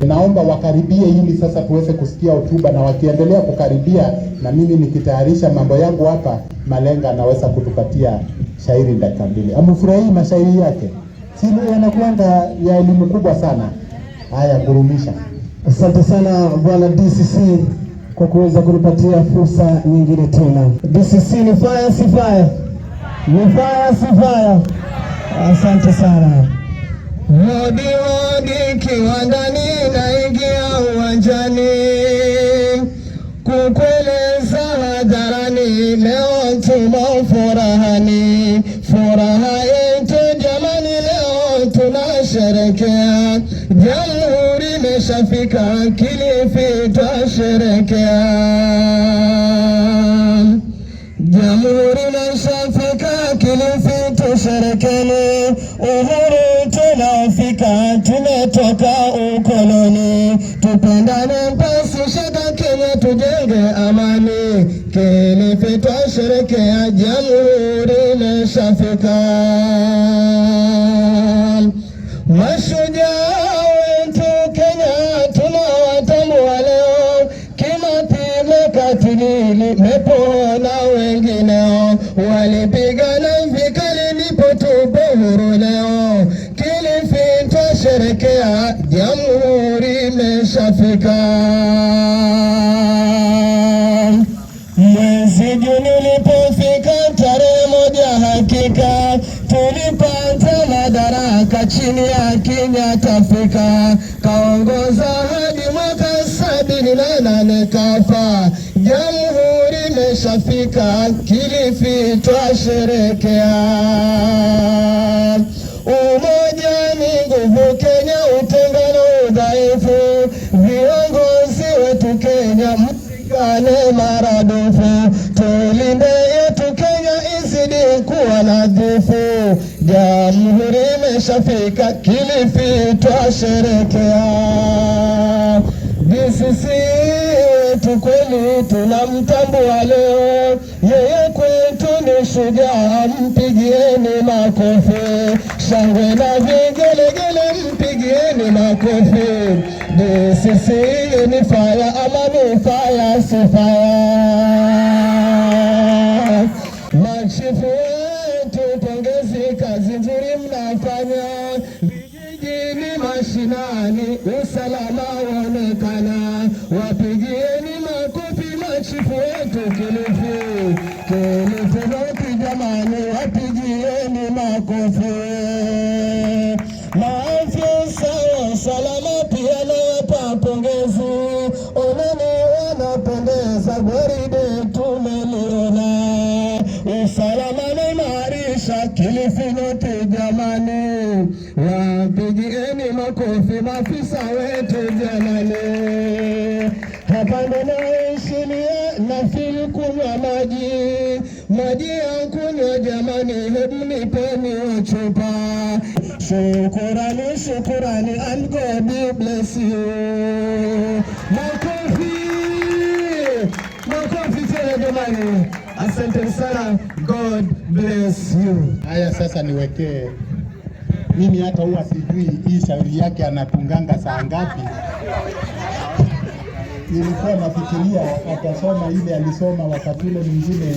Ninaomba wakaribie hili sasa tuweze kusikia hotuba, na wakiendelea kukaribia na mimi nikitayarisha mambo yangu hapa, Malenga anaweza kutupatia shairi dakika mbili. Amefurahii mashairi yake, si yanakuanga ya elimu kubwa sana. Haya, kurumisha. Asante sana bwana DCC kwa kuweza kunipatia fursa nyingine tena. DCC ni fire, si fire? Ni fire, si fire? Asante sana. Wodi wodi kiwanda leo tumo furahani, furaha yetu jamani, leo tunasherekea. Jamhuri imeshafika, Kilifi twasherekea. Jamhuri imeshafika, Kilifi tusherekele. Uhuru tunaofika, tumetoka ukoloni, tupendane Tutasherekea jamhuri imeshafika, mashujaa wetu Kenya tunawatambua leo, kimatima katili limepona, wengineo walipigana vikali, ndipo tupo huru leo, Kilifi twasherekea jamhuri imeshafika nilipofika tarehe moja, hakika tulipata madaraka chini ya Kenyatta Afrika, kaongoza hadi mwaka sabini na nane kafa. Jamhuri imeshafika, Kilifi twasherekea umo tukane maradufu, tulinde yetu Kenya izidi kuwa nadhifu. Jamhuri imeshafika Kilifi, twasherekea DCC wetu kweli tunamtambua leo, yeye kwetu ni shujaa, mpigieni makofi, shangwe na vigelegele, mpigieni makofi. DCC ni faya ama sifa. wetu pongezi kazi nzuri mnafanya vijijini, mashinani, usalama waonekana. Wapigieni makofi machifu wetu Kilifi, Kilifi North jamani, wapigieni makofi. Maafisa wa usalama pia nawapa pongezi. Kilifinoti jamani, wapigieni makofi maafisa wetu jamani. Hapa ndo naishimia nafili kunywa maji, maji ya kunywa jamani, hebu nipeni chupa. Shukurani, shukurani, and God bless you. Jamani, asante sana. God bless you. Haya, sasa niwekee mimi, hata huwa sijui hii shauri yake anatunganga saa ngapi. Nilikuwa nafikiria atasoma ile alisoma wakati ule mwingine